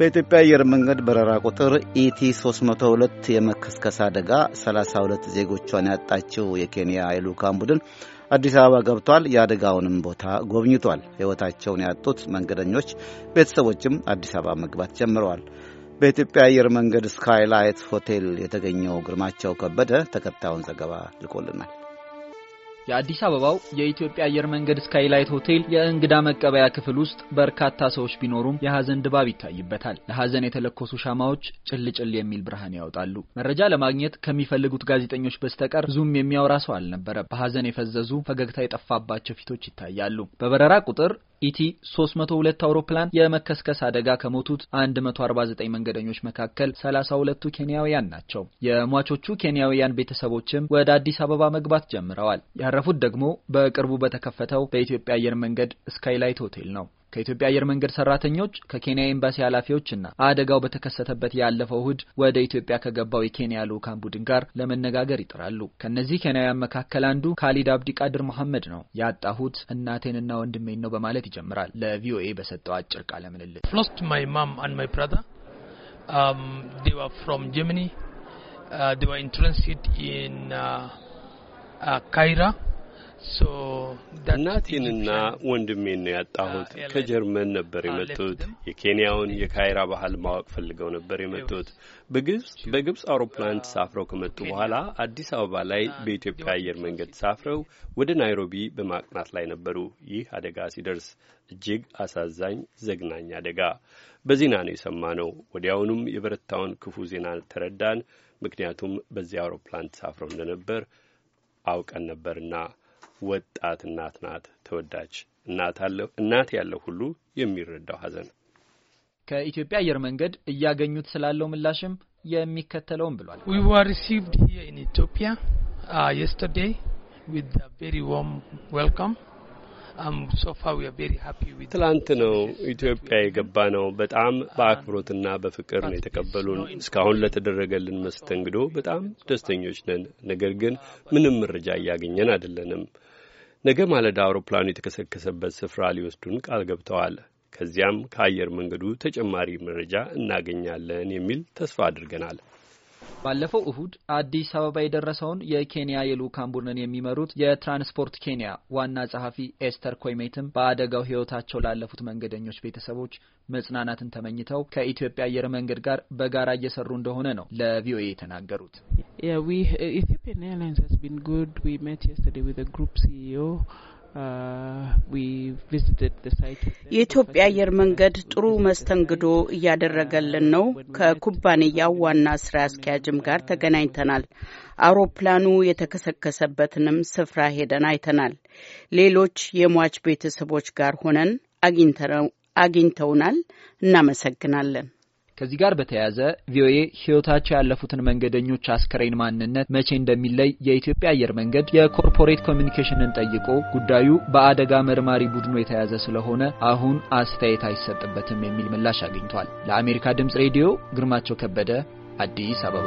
በኢትዮጵያ አየር መንገድ በረራ ቁጥር ኢቲ 302 የመከስከስ አደጋ 32 ዜጎቿን ያጣችው የኬንያ የልዑካን ቡድን አዲስ አበባ ገብቷል። የአደጋውንም ቦታ ጎብኝቷል። ሕይወታቸውን ያጡት መንገደኞች ቤተሰቦችም አዲስ አበባ መግባት ጀምረዋል። በኢትዮጵያ አየር መንገድ ስካይላይት ሆቴል የተገኘው ግርማቸው ከበደ ተከታዩን ዘገባ ልኮልናል። የአዲስ አበባው የኢትዮጵያ አየር መንገድ ስካይላይት ሆቴል የእንግዳ መቀበያ ክፍል ውስጥ በርካታ ሰዎች ቢኖሩም የሀዘን ድባብ ይታይበታል። ለሀዘን የተለኮሱ ሻማዎች ጭልጭል የሚል ብርሃን ያወጣሉ። መረጃ ለማግኘት ከሚፈልጉት ጋዜጠኞች በስተቀር ብዙም የሚያወራ ሰው አልነበረም። በሀዘን የፈዘዙ ፈገግታ የጠፋባቸው ፊቶች ይታያሉ። በበረራ ቁጥር ኢቲ 302 አውሮፕላን የመከስከስ አደጋ ከሞቱት 149 መንገደኞች መካከል 32ቱ ኬንያውያን ናቸው። የሟቾቹ ኬንያውያን ቤተሰቦችም ወደ አዲስ አበባ መግባት ጀምረዋል። ያረፉት ደግሞ በቅርቡ በተከፈተው በኢትዮጵያ አየር መንገድ ስካይላይት ሆቴል ነው። ከኢትዮጵያ አየር መንገድ ሰራተኞች ከኬንያ ኤምባሲ ኃላፊዎችና አደጋው በተከሰተበት ያለፈው እሁድ ወደ ኢትዮጵያ ከገባው የኬንያ ልዑካን ቡድን ጋር ለመነጋገር ይጥራሉ። ከእነዚህ ኬንያውያን መካከል አንዱ ካሊድ አብዲ ቃድር መሐመድ ነው። ያጣሁት እናቴንና ወንድሜን ነው በማለት ይጀምራል። ለቪኦኤ በሰጠው አጭር ቃለ ምልልስ ካይራ እናቴንና ወንድሜን ነው ያጣሁት። ከጀርመን ነበር የመጡት። የኬንያውን የካይራ ባህል ማወቅ ፈልገው ነበር የመጡት። በግብጽ በግብጽ አውሮፕላን ተሳፍረው ከመጡ በኋላ አዲስ አበባ ላይ በኢትዮጵያ አየር መንገድ ተሳፍረው ወደ ናይሮቢ በማቅናት ላይ ነበሩ። ይህ አደጋ ሲደርስ እጅግ አሳዛኝ ዘግናኝ አደጋ በዜና ነው የሰማ ነው። ወዲያውኑም የበረታውን ክፉ ዜና ተረዳን። ምክንያቱም በዚያ አውሮፕላን ተሳፍረው እንደነበር አውቀን ነበርና ወጣት እናት ናት ተወዳጅ እናት ያለው ሁሉ የሚረዳው ሀዘን። ከኢትዮጵያ አየር መንገድ እያገኙት ስላለው ምላሽም የሚከተለውም ብሏል። we were received here in Ethiopia uh, ትላንት ነው ኢትዮጵያ የገባ ነው። በጣም በአክብሮትና በፍቅር ነው የተቀበሉን። እስካሁን ለተደረገልን መስተንግዶ በጣም ደስተኞች ነን። ነገር ግን ምንም መረጃ እያገኘን አይደለንም። ነገ ማለዳ አውሮፕላኑ የተከሰከሰበት ስፍራ ሊወስዱን ቃል ገብተዋል። ከዚያም ከአየር መንገዱ ተጨማሪ መረጃ እናገኛለን የሚል ተስፋ አድርገናል። ባለፈው እሁድ አዲስ አበባ የደረሰውን የኬንያ የልዑካን ቡድንን የሚመሩት የትራንስፖርት ኬንያ ዋና ጸሐፊ ኤስተር ኮይሜትም በአደጋው ሕይወታቸው ላለፉት መንገደኞች ቤተሰቦች መጽናናትን ተመኝተው ከኢትዮጵያ አየር መንገድ ጋር በጋራ እየሰሩ እንደሆነ ነው ለቪኦኤ የተናገሩት። ኢትዮጵያን ኤርላይንስ ቢን ጉድ ዊ ሜት የስተርዴይ ዊዝ ግሩፕ ሲኢኦ Uh, የኢትዮጵያ uh, አየር መንገድ ጥሩ መስተንግዶ እያደረገልን ነው። ከኩባንያው ዋና ስራ አስኪያጅም ጋር ተገናኝተናል። አውሮፕላኑ የተከሰከሰበትንም ስፍራ ሄደን አይተናል። ሌሎች የሟች ቤተሰቦች ጋር ሆነን አግኝተውናል። እናመሰግናለን። ከዚህ ጋር በተያያዘ ቪኦኤ ህይወታቸው ያለፉትን መንገደኞች አስከሬን ማንነት መቼ እንደሚለይ የኢትዮጵያ አየር መንገድ የኮርፖሬት ኮሚኒኬሽንን ጠይቆ ጉዳዩ በአደጋ መርማሪ ቡድኑ የተያዘ ስለሆነ አሁን አስተያየት አይሰጥበትም የሚል ምላሽ አግኝቷል። ለአሜሪካ ድምጽ ሬዲዮ ግርማቸው ከበደ አዲስ አበባ